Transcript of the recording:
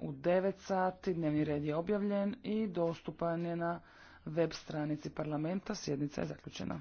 u 9 sati, dnevni red je objavljen i dostupan je na web stranici parlamenta, sjednica je zaključena.